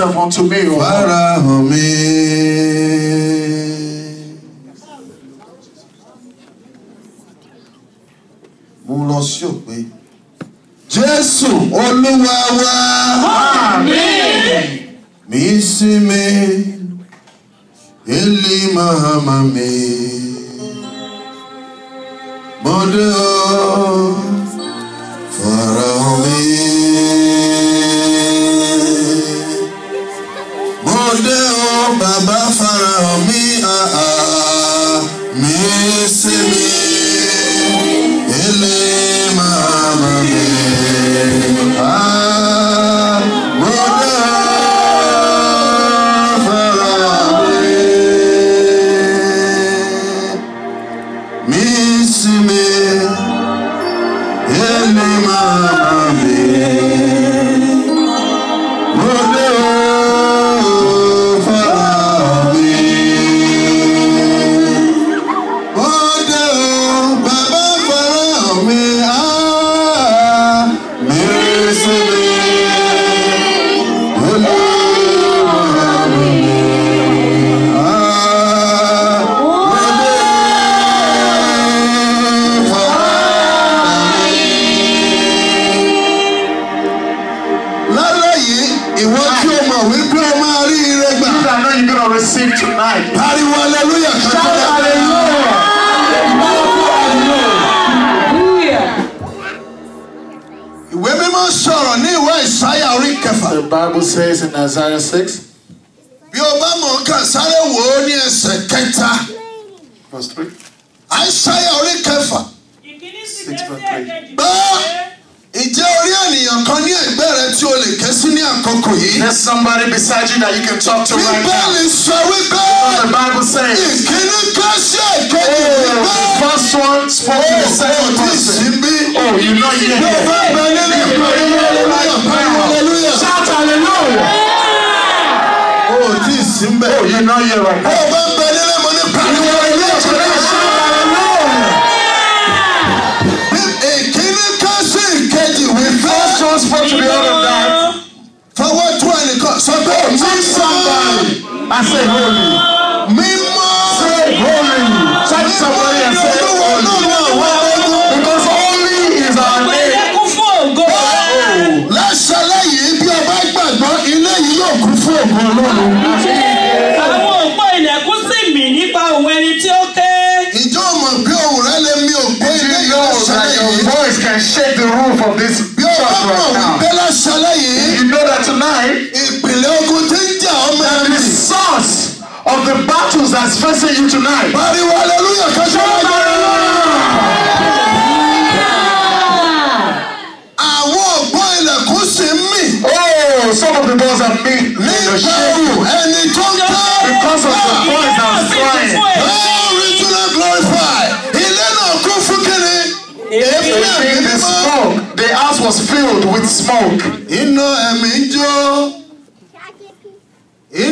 yourself unto me, O oh Farahàn mi. Mo lọ sí òpin. Jésù Olúwa wa. Àmín. Mi sinmi, ilé mi, mọ̀dọ́. bẹ́ẹ̀ ah! orí ènìyàn kan ní ẹ̀gbẹ́ rẹ tí o lè ké ní àkókò yìí. there is somebody beside you that you can talk to right now. bíbélì sọ wípé. the Bible says. ìkíní kan ṣe ìkejì oh, wípé. the first one spoke to the oh, second oh, person. oh bí. oh you know you dey there. bẹ́ẹ̀ bẹ́ẹ̀ nílé ìpàdé hallelujah pariwo hallelujah. shout hallelujah. o ò tí ì sí mbẹ́. oh you know you right now. holy. Say somebody. I say holy. Me Say holy. Check somebody and say holy. Because holy is our name. Lẹ́sẹ̀ lẹ́yìn bí ọba gbàgbọ́ ilé yìí yóò kún fún ògùn Ọlọ́run. that's facing you tonight. pariwo hallelujah kan ṣe wájú. àwọn ọ̀gbọ́n ilẹ̀kùn sì ń mì. oh some of the doors are big. ní ìbẹ̀rù ẹni tó ń tẹ́. because of the voice that was crying. oh original glorify. ilé náà kún fún kíni. èmi àti mímọ́. the house was filled with smoke. iná ẹ̀mí jó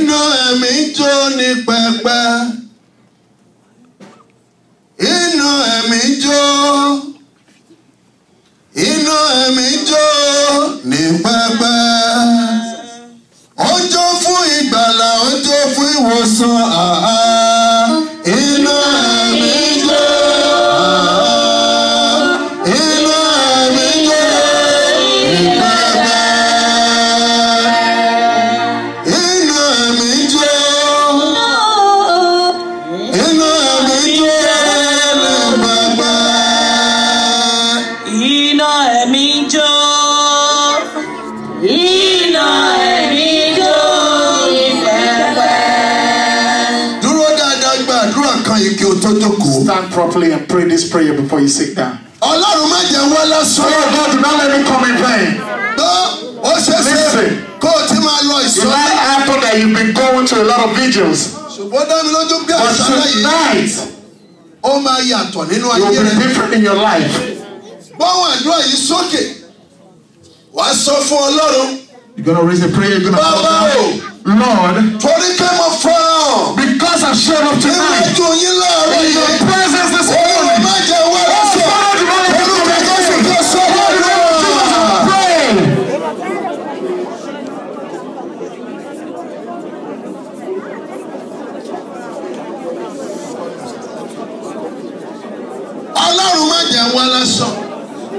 nínú ẹ̀mí jó ní pẹpẹ inú ẹ̀mí jó inú ẹ̀mí jó ní pẹpẹ ó jó fún ìgbàlà ó jó fún ìwòsàn àá. prayer before you sit down. Ọlọ́run má jẹ́ wọ́n lásán. Oh God, do not let me come in vain. No, ó ṣe ṣe kó o ti You might happen that you've been going to a lot of vigils. But tonight. oh my, yàtọ̀ You will be different in your life. bowon you àdúrà yìí sókè. Wàá sọ fún Ọlọ́run. You're gonna raise a prayer. You're gonna call out. Lord. Torí pé mo fọ́. Because I showed up tonight. Ewé jù yín láàárọ̀ yẹn. In your presence.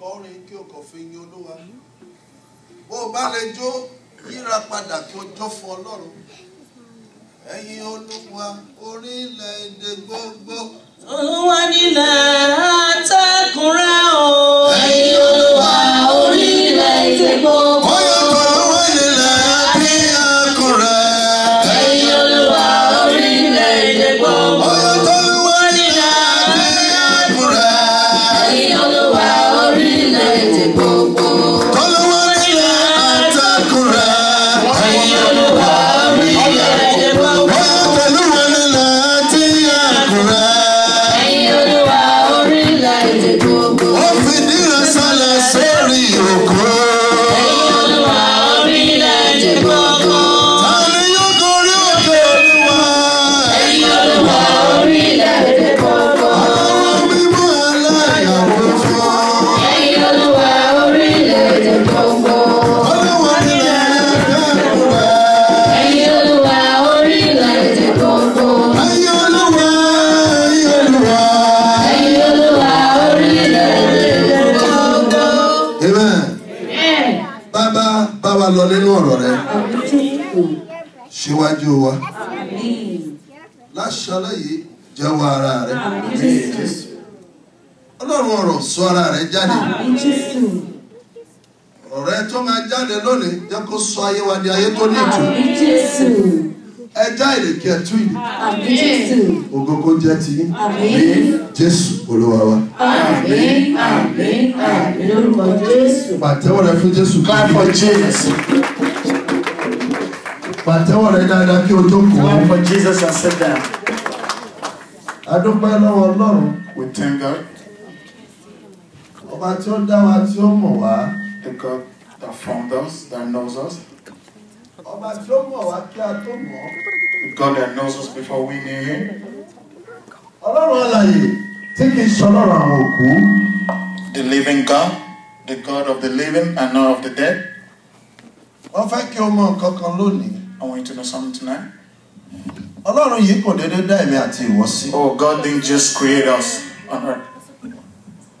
kọrin kí o kàn fi yin olúwa bó o bá lè jó yíra padà kí o jó fún ọlọ́run ẹ̀yin olúwa orílẹ̀-èdè gbogbo. olúwa nílẹ̀ àtẹ̀kùnrẹ́ o. ẹ̀yin olúwa orílẹ̀-èdè gbogbo. láṣọlá yìí jẹ́wọ́ ara rẹ̀ ọlọ́run ọ̀rọ̀ sọ ara rẹ̀ jáde ọ̀rẹ́ tó máa jáde lónìí jẹ́ kó sọ ayé wa di ayé tó ní ìtù ẹja ìrèké ẹtú ìlú ògógó jẹ ti Jésù Olúwa wa. pàtẹ́wọ́ rẹ fún Jésù. clap for Jesus pàtẹ́wọ̀ rẹ dáadáa kí o jókòó. clap for Jesus and sit down. adúpẹ́ lọ́wọ́ ọlọ́run. we thank God. ọba tí ó dá wa tí ó mọ̀ wá. the God that formed us that knows us. ọba tí ó mọ̀ wá kí a tó mọ̀. the God that knows us before we knew him. ọlọ́run alààyè tí kì í ṣọlọ́run àwọn òkú. the living God the God of the living and not of the dead. wọ́n fẹ́ kí o mọ nǹkan kan lónìí àwọn ìtúnú something náà. ọlọ́run yìí kò déédéé dá èmi àti ìwọ sí. oh God didn't just create us on earth.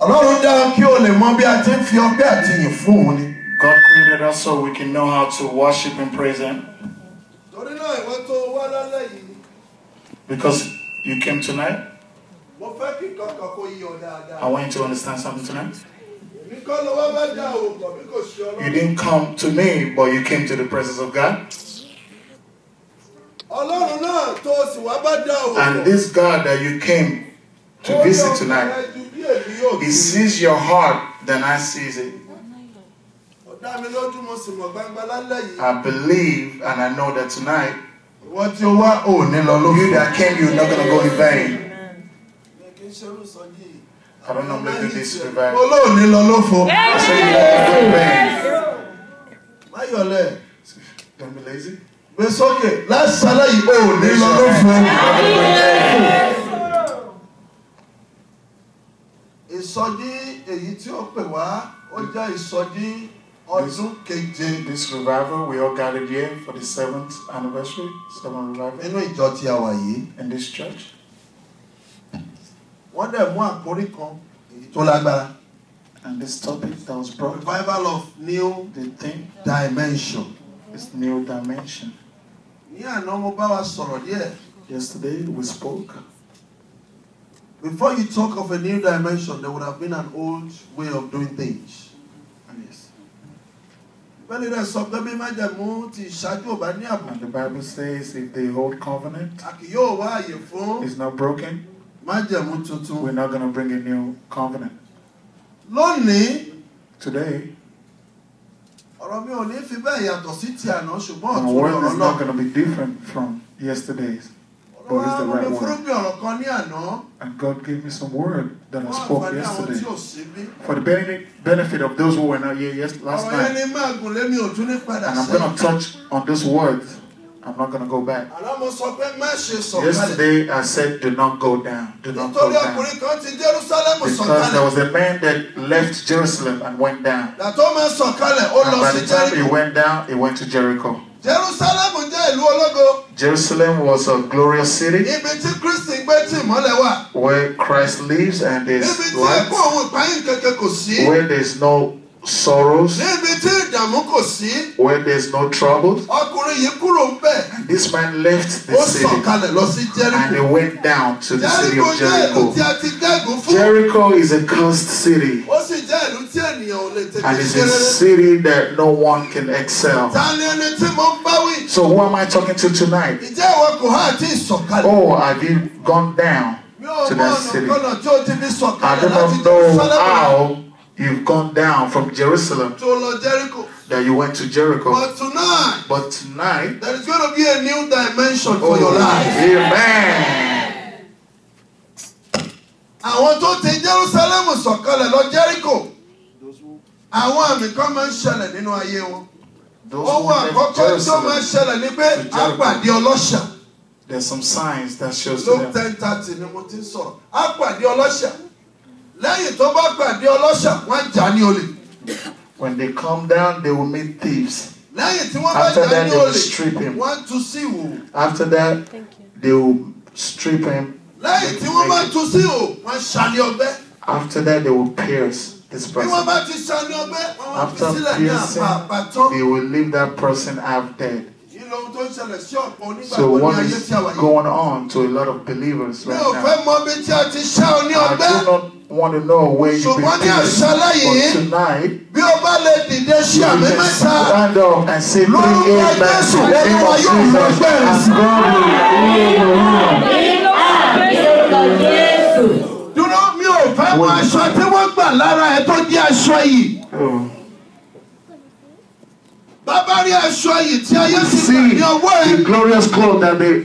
ọlọ́run dá kí o lè mọ bí a ti ń fi ọpẹ́ àti ìyìn fún òun ni. God created us so we can know how to worship and praise Him. torí náà ìwọ tó wá lálẹ́ yìí. because you came tonight. mo fẹ́ kí kankan kó yí ọ dáadáa. I want you to understand something tonight. You didn't come to me, but you came to the presence of God. Ọlọ́run náà tó o sì wá bá dá o. And this God that you came to visit tonight, he sees your heart than I see it. I believe and I know that tonight, what you want, oh, you that came, you're not gonna go in vain. I don't know, maybe this revival. I say you're not going to go in vain. Don't be lazy pé lásàlẹ̀ yìí ò ní lọ ló fún un. ìsọjí èyí tí ó pè wá ó jẹ́ ìsọjí ọdún keje. this revival we all gathered here for the seventh anniversary seven revival. nínú ìjọ tí a yìí. in this church. wọ́n dẹ̀ mú àkórí kan èyí tó lágbára. and this topic that was brought. revival of new the thing. dimension. this new dimension. Yesterday we spoke. Before you talk of a new dimension, there would have been an old way of doing things. Yes. And the Bible says if the old covenant. Is not broken. mutu tuntun. We're not gonna bring a new covenant. Lonely Today. The world is not going to be different from yesterday's. But it's the right word. And God gave me some word that I spoke yesterday for the benefit of those who were not here yesterday. last night. And I'm going to touch on those words I'm not going to go back. Yesterday I said, do not go down. Do not go down. Because there was a man that left Jerusalem and went down. And by the time he went down, he went to Jericho. Jerusalem was a glorious city where Christ lives and is light, where there is no sorrows, when there's no trouble, this man left the city and he went down to the city of Jericho. Jericho is a cursed city and it's a city that no one can excel. So, who am I talking to tonight? Oh, have you gone down to that city? I do not know how You've gone down from Jerusalem. To Lord Jericho. That you went to Jericho. But tonight. But tonight. There is going to be a new dimension oh, for your life. Amen. Àwọn tó ti Jerusalem sọ̀kalẹ̀ lọ Jericho. Àwọn àmì kan máa ń ṣẹlẹ̀ nínú ayé wọn. Owó àkọ́kọ́ tó máa ń ṣẹlẹ̀ ni pé àpàdé ọlọ́ṣà. There's some signs that shows to them. Luke ten thirty ni mo ti sọ̀rọ̀. Àpàdé ọlọ́ṣà. lẹ́yìn tó bá pàdé ọlọ́ṣà wọ́n jà ní olè. when they come down they will meet thieves. lẹ́yìn tí wọ́n bá jà ní olè wọ́n tún sí ìwò. after that they will strip him. lẹ́yìn tí wọ́n bá tún sí ìwò wọ́n ṣàní ọbẹ̀. after that they will pierce. This person. After piercing, they will leave that person half dead. So what is going on to a lot of believers right now? I do not want to know where you been for tonight. Bí o bá lè dìde ṣí àmì mẹ́ta. Stand up and say three amen. Lórúkọ Jésù lẹ́nu wa yóò fẹ́ bẹ̀rẹ̀ sí. Dúró mi ò fẹ́ mọ aṣọ tí wọ́n gbà lára ẹ tó jẹ́ aṣọ yìí. Bàbá rí aṣọ yìí tí ayé ti gbà ní ọwọ́ ẹ. See the glorious cloth that they.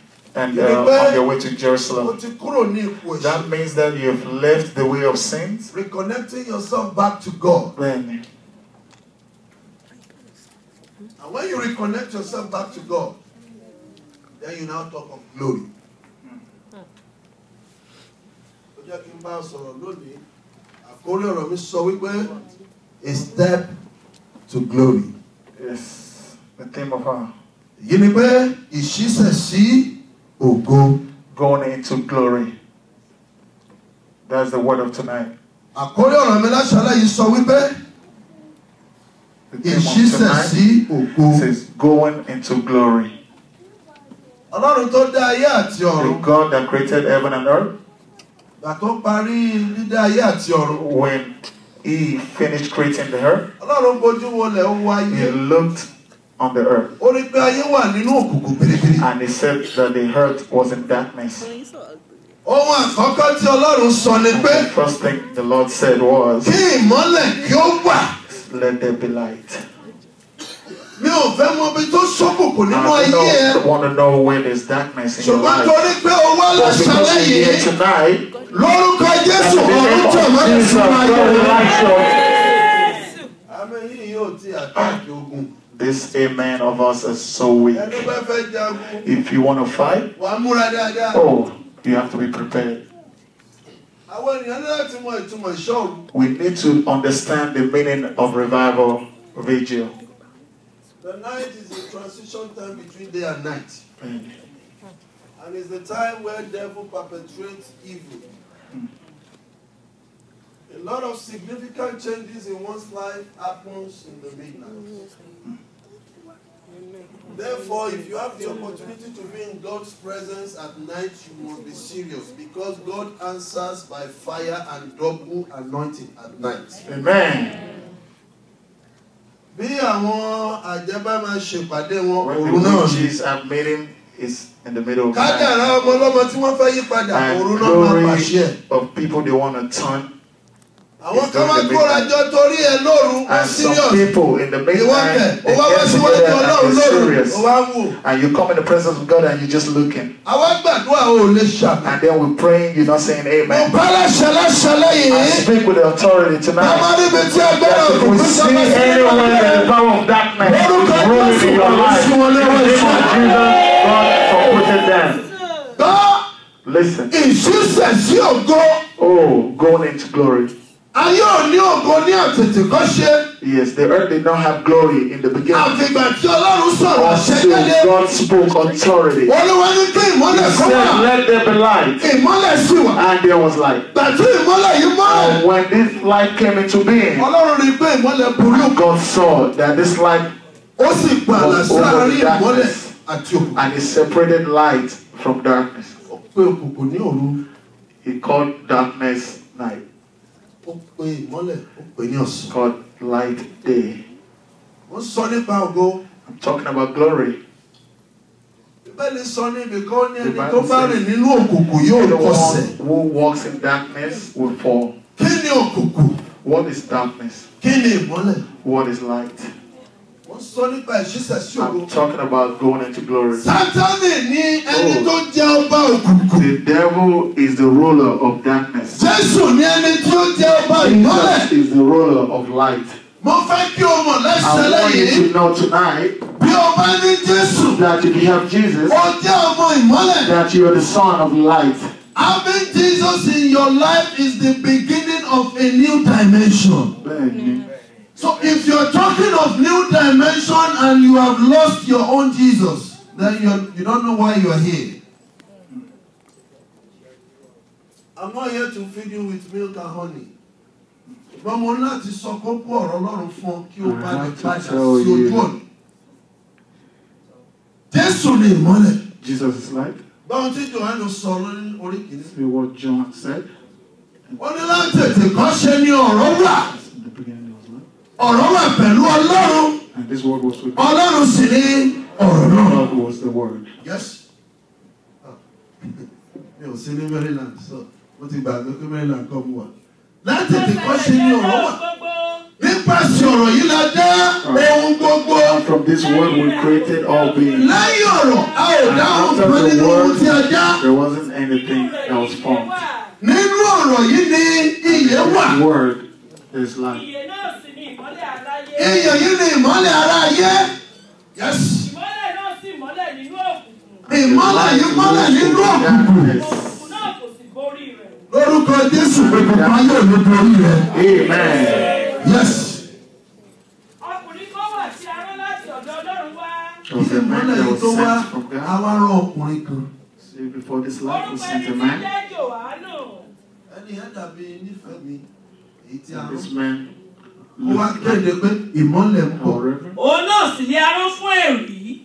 and uh, on your way to Jerusalem. That means that you've left the way of sins. Reconnecting yourself back to God. Then. And when you reconnect yourself back to God, then you now talk of glory. a step to glory. Yes, the theme of our go Going into glory. That's the word of tonight. Àkórí ọ̀rọ̀ mi láṣálẹ̀ says going into glory. The God that created heaven and earth. When he finished creating the earth. He looked on the earth. Ó rí pé ayé wà nínú òkùnkùn pérépéré. And he said that the earth was in darkness. Ohun àkọ́kọ́ tí Ọlọ́run sọ ni pé. The first thing the Lord said was. Kí ìmọ́lẹ̀ kí ó wà. Let there be light. Mi ò fẹ́ mọ ibi tó ṣókùnkùn nínú ayé ẹ. I don't want to know when is darkness in your life. Ṣùgbọ́n torí pé o wá lọ́sàn-án yìí. Lórúkọ Jésù ọdún tó máa ń sùn ayé rẹ̀. Àmì yìí yóò ti àtàkì ogun. This amen of us is so weak. If you want to fight, oh, you have to be prepared. We need to understand the meaning of revival vigil. The night is a transition time between day and night. Mm. And it's the time where devil perpetrates evil. Mm. A lot of significant changes in one's life happens in the midnight. Therefore, if you have the opportunity to be in God's presence at night, you must be serious because God answers by fire and double anointing at night. Amen. Bí àwọn àjẹbá máa ṣèpàdé wọn òru náà. When meeting is in the middle of night. Kádàrá ọmọ ọlọ́mọ tí wọ́n fẹ́ yí padà òru náà máa pàṣẹ. glory of people they want to turn and some people in the midnight they get together and they serious. And you come in the presence of God and you just looking. And then we praying you are not saying amen. Mo I speak with the authority tonight. If we see anyone in the power of darkness ruling in your life, in the name of Jesus, God for putting them. Listen. Ìṣísẹ̀ sí ògo. Oh, going into glory. Yes, the earth did not have glory in the beginning. Àfìgbà tí Ọlọ́run God spoke authority. He said, let there be light. And there was light. And when this light came into being. God saw that this light. was over gbàlà sí And he separated light from darkness. He called darkness night. Called light day. I'm talking about glory. The one who walks in darkness will fall. What is darkness? What is light? I'm talking about going into glory. Oh. The devil is the ruler of darkness. Jesus is the ruler of light. I want you to know tonight. bí o bá that if you have Jesus. that you are the son of light. Having Jesus in your life is the beginning of a new dimension. Bẹ́ẹ̀ni. Yeah. So if you're talking of new dimension and you have lost your own Jesus, then you're, you don't know why you're here. I'm not here to feed you with milk and honey. But mo láti sọ kókó ọ̀rọ̀ a lot of kí o bá lè padà sí ojú ọ̀nà. Jésù ni ìmọ́lẹ̀. Jesus is light. Báwo tí Jòhánù sọ lórí orí kìíní? This is what John said. Ó ní láti tètè kọ́ ṣe ni ọ̀rọ̀ ọ̀rọ̀ wà pẹ̀lú ọlọ́run ọlọ́run sì ni ọ̀rọ̀ náà. yes mi ò sí ní Maryland so mo ti gbàgbé pé Maryland kọ́ mu wá láti ti kọ́ ṣe ni ọ̀rọ̀ wà nípasẹ̀ ọ̀rọ̀ yìí la dá ohun gbogbo. from this word we created all beings. lẹ́yìn ọ̀rọ̀ a ò dá ohun kan nínú ohun tí a dá. there wasn't anything that was formed. nínú ọ̀rọ̀ yìí ni ìyè wà. word is life ènìyàn yìí ni ìmọ́lẹ̀ ara ayé. ìmọ́lẹ̀ náà sì mọ́lẹ̀ nínú òkùnkùn. ìmọ́lẹ̀ yìí mọ́lẹ̀ nínú òkùnkùn. òkùnkùn náà kò sì borí rẹ̀. lórúkọ Jésù òkùnkùn ayé ò ní borí rẹ̀. yes. ọkùnrin kan wà tí a láti ọ̀dọ̀ Ọlọ́run wá. ìmọ́lẹ̀ yìí tó wá àwa rán ọkùnrin kan. Before this life was sent Ẹni ẹ̀ nífẹ̀ẹ́ mi, èyí tí a rán. ó wá kéde pé ìmọ́lẹ̀ ń bọ̀. òun náà sì ni arán fún ẹ̀rí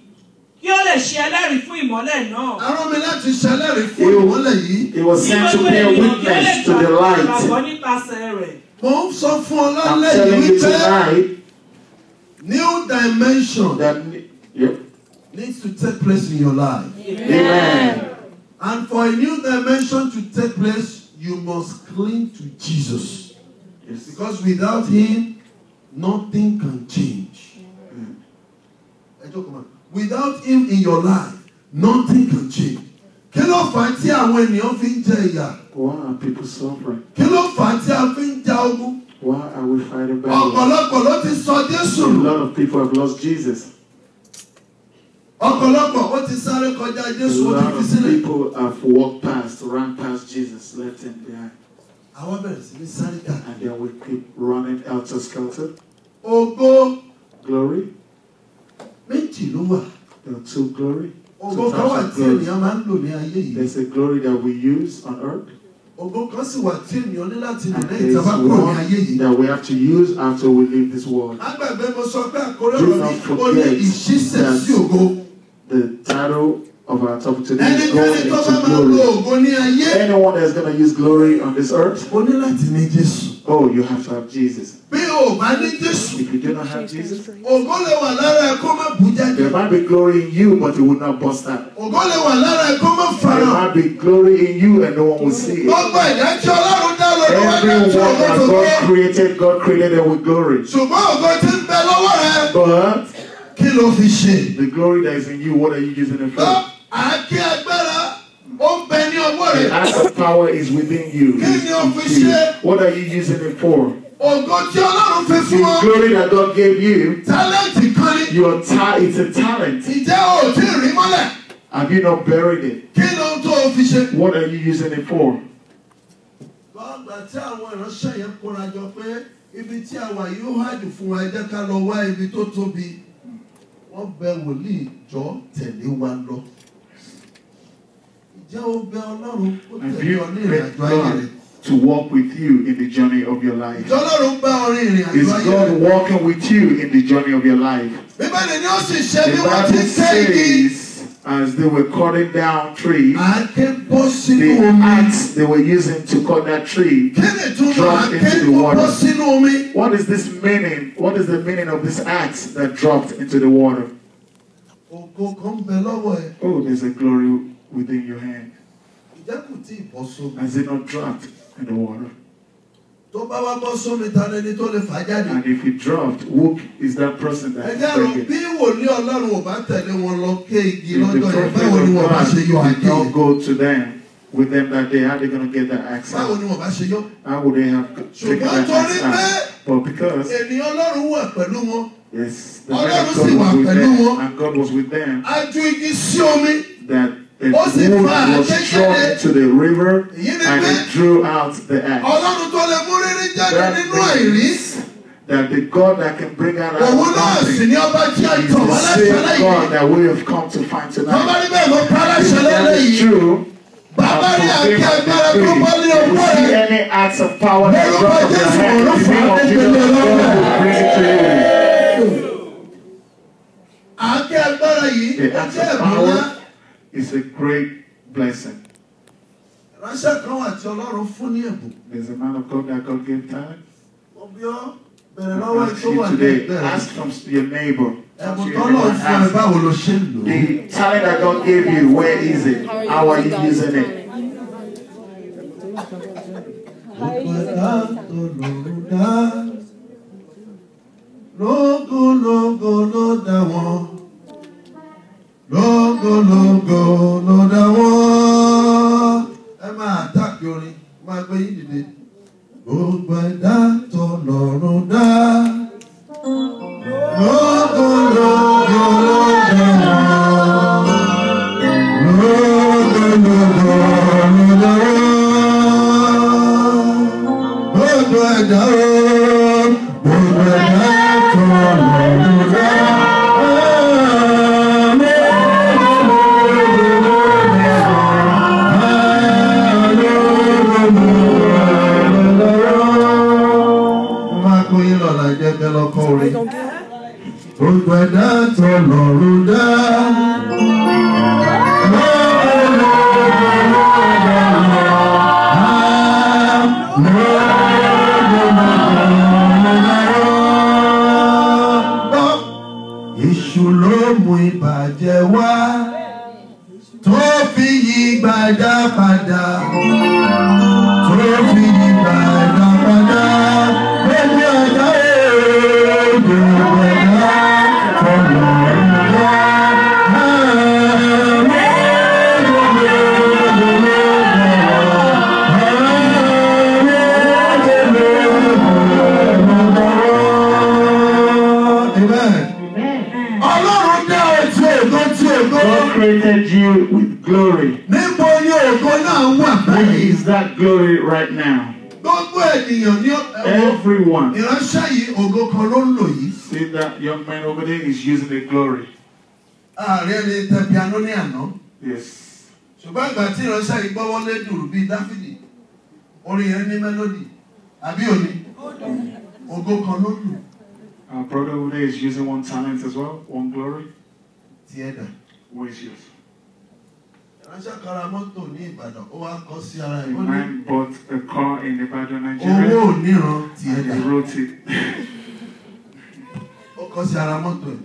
kí ó lè ṣe ẹlẹ́rìí fún ìmọ́lẹ̀ he was sent to bear witness to the light. mo ń sọ fún ọ lálẹ́ new dimension that needs to take place in your life. Amen. Amen. And for a new dimension to take place, you must cling to Jesus. Yes. Because without Him, Nothing can change. Mm. Without him in your life, nothing can change. kí ló fà á tí àwọn ènìyàn fi ń jẹ Why are people suffering? kí ló fà á tí a fi ń Why are we fighting battles? ọ̀pọ̀lọpọ̀ ló ti sọ Jésù. A lot of people have lost Jesus. ọ̀pọ̀lọpọ̀ ó ti sáré kọjá Jésù ó ti fi sílẹ̀. A lot of people have walked past, ran past Jesus, left him behind. àwọn bẹ̀rẹ̀ sí ní sáré kà. And then we keep running out of skelter ògo glory méjì ló wà there are two glory ògo kan wà tí ènìyàn ní ayé there is a glory that we use on earth ògo kan sì wà tí ènìyàn ní láti a kúrò ní ayé that we have to use after we leave this world mo sọ pé àkórè rẹ ní ìṣísẹ̀ sí ògo the title of our topic today is going into glory. Anyone that's going to use glory on this earth, Oh, you have to have Jesus. If you do not have Jesus. There might be glory in you but you will not burst out. There might be glory in you and no one will see it. Gbogbo ẹ̀dá Everyone that God created, God created them with glory. But. Kí ló fi ṣe? The glory that is in you, what are you using it for? Àáké agbára. As The power is within you. What are you using it for? The glory that God gave you. talent. kan Your ta it's a talent. Have you not buried it? What are you using it for? ibi tí àwa yóò hàjù fún wa ẹ ká lọ wá ibi tó tóbi. Wọ́n bẹ wòlíì jọ tẹ̀lé wa lọ. And you pray God to walk with you in the journey of your life. Is God walking with you in the journey of your life? The Bible says, as they were cutting down trees, the axe they were using to cut that tree dropped into the water. What is this meaning? What is the meaning of this axe that dropped into the water? Oh, there's a glory within your hand. Ǹjẹ́ Has it not dropped in the water? And if it dropped, who is that person that breaking? If the prophet God did not go to them, with them that day, how they going to get that access? How would they have taken that access But because Yes, the man of God was with them and God was with them. That A wound was struck into the river and it drew out the axe. That that the God that can bring out our nothing is the same God that we have come to find tonight. If that is true, Bàbá rí àti agbára tó bá ní ọgbọ́n rẹ̀. Lórúkọ Jésù olùfà nígbèlè ọlọ́run. Àti agbára yìí, is a great blessing. There is a man of God that God gave time. Mo bí ọ bẹ̀rẹ̀ today ètò wà ní Ask from your neighbor. The talent that God gave you, where is it? How are you using it? you with glory. Where is that glory right now? everyone. See that young man over there is using the glory. Ààrẹ ni tẹ piano ní àná. Yes. Ṣùgbọ́n ìgbà tí ìránṣẹ́ yìí gbọ́wọ́ lé dùrù bíi Dáfídì, orin yẹn ní mélòdì, àbí òní? Ògo kan ló lò. Our brother over there is using one talent as well, one glory. Tiẹ̀ dà. Where is yours? Man bought a car in Ibadan, Nigeria. And he wrote it. ó kọ sí ara mọ́tò ẹ̀.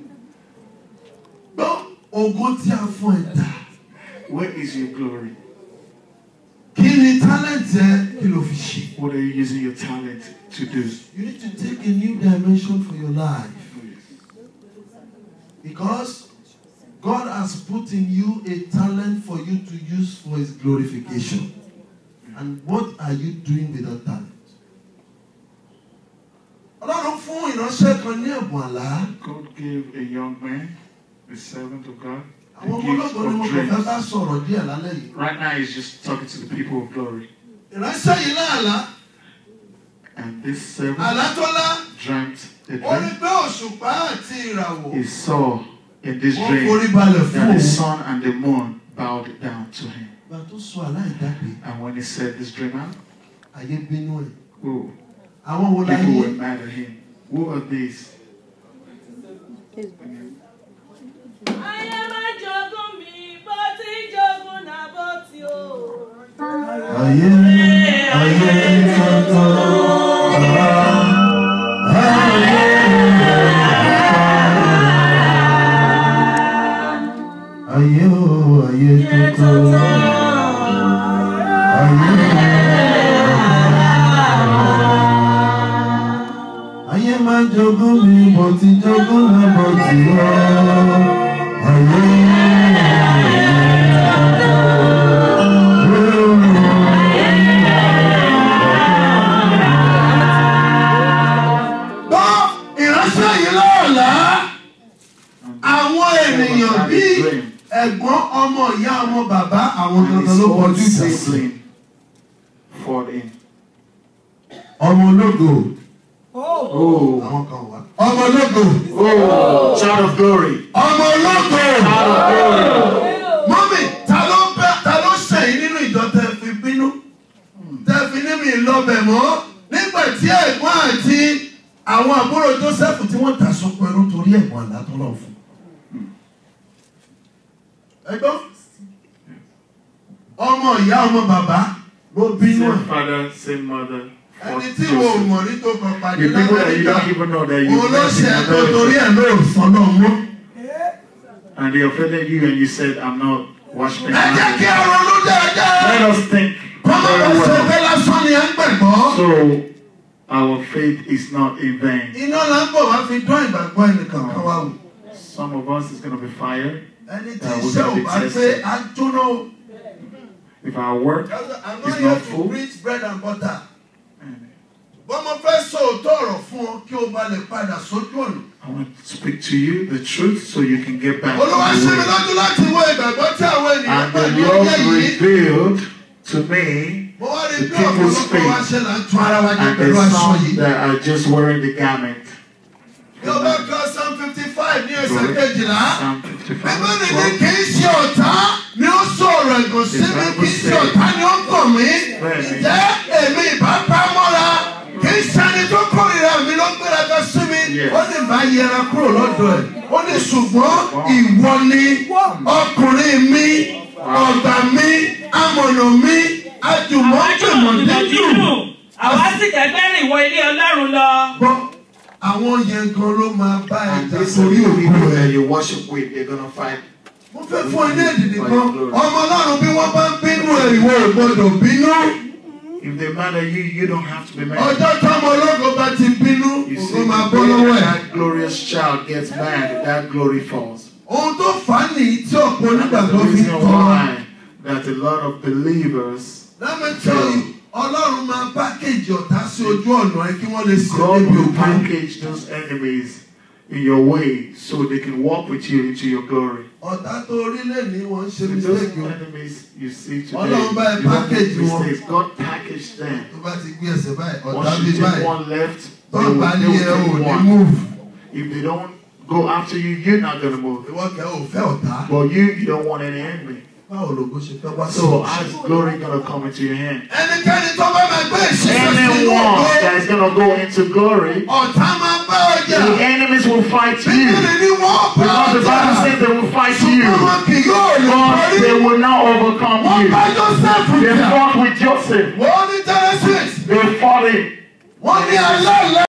Gbọ́ ogún Where is your glory? Kí ni talent ẹ kí What are you using your talent to do? You need to take a new dimension for your life. Oh, because God has put in you a talent for you to use for his glorification. And what are you doing with that talent? God gave a young man, a servant of God, gift of dreams. Right now he's just talking to the people of glory. And this servant dreamt a dream. He saw in this dream that the sun and the moon bowed down to him. And when he said this dream out, who? Oh, people were mad at him. Who are these? I am a jogun mi, but a jogun aboti o. Aye, aye, I am, aye, aye, aye, aye, aye, aye, aye, aye, aye, aye, aye, aye, aye, aye, aye, aye, aye, aye, aye, mi lọ́bẹ̀ mọ́ nígbà tí ẹ̀gbọ́n àti àwọn àbúrò Joseph tí wọ́n ta sọpọ̀ ẹrú torí ẹ̀gbọ́n àlá fún. ẹ̀gbọ́n ọmọ ìyá ọmọ bàbá ló bínú ẹ̀ ẹni tí wo mọ̀ ní tó kọ pàdé lábẹ́rẹ́ ìgbà olóṣèlú tó torí ẹ̀ ló fọ́nà mọ́. And they offended you and you said, I'm not worshiping. Let us think So our faith is not in vain. Some of us is gonna be fired. And it is If I work I'm is not full, preach bread and butter. I want to speak to you the truth so you can get back. And the Lord revealed to me the people's speak and the some that are just wearing the garment. Tó bá kọ Psalm fifty five ní ẹsẹ̀ kejìlá, Bíbélì ní kì í ṣe ọ̀tá ni ó sọ̀rọ̀ ẹ̀gùn sí mi, kì í ṣe ọ̀tá ni ó kàn mí. Ǹjẹ́ èmi ìbá pa mọ́ra? Kì í ṣani tó kórìíra mi ló ń gbéraga sí mi. Ó lè bá ọ̀tà mi amọ̀nà mi àjùmọ̀jùmọ̀déjù. àwa sì kẹgbẹ́ rìn wọ ilé Ọlọ́run lọ. àwọn yẹn gan ló máa bá ẹja sórí òrìrì rẹ. you worship with they gonna find. mo fẹ́ fún ilé ìdìdì kan ọmọ Ọlọ́run bí wọ́n bá ń bínú ẹ̀ ìwọ ò bínú. If they matter, you, you don't have to be mad. Ọjọ́ táwọn ológo bá ti bínú, ògo máa bọ́ lọ́wọ́ ẹ̀. You see, when that glorious child gets mad, that glory falls ohun tó fà á nìyí tí ọ̀pọ̀ onígbàgbọ́ fi tọ́. that a lot of believers. let me tell you ọlọ́run máa package ọ̀tá sí ojú ọ̀nà ẹ kí wọ́n lè sọ débi òkú. God will package those enemies in your way so they can walk with you into your glory. ọ̀tá tó orílẹ̀ ní wọ́n ṣe mistake o. those enemies you see today you bá ẹ package wọn. God package them. tó bá ti gbé ẹsẹ̀ báyìí ọ̀tá bí báyìí. once you take one left they will they will take one. if they don't go after you, you're not going to move. Well, you, you don't want any enemy. So I's glory gonna come into your hand. Anyone that is gonna go into glory, the enemies will fight you. Because the Bible says they will fight you, but they will not overcome you. They fought with Joseph. They fought him.